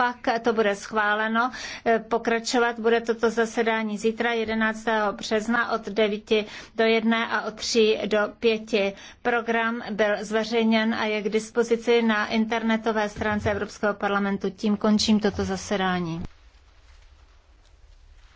pak to bude schváleno. Eh, pokračovat bude toto zasedání zítra 11. března od 9 do 1 a od 3 do 5. Program byl zveřejněn a je k dispozici na internetové stránce Evropského parlamentu. Tím končím toto zasedání.